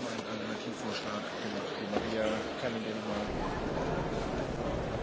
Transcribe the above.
einen Alternativvorschlag gemacht, den wir Cunningham mal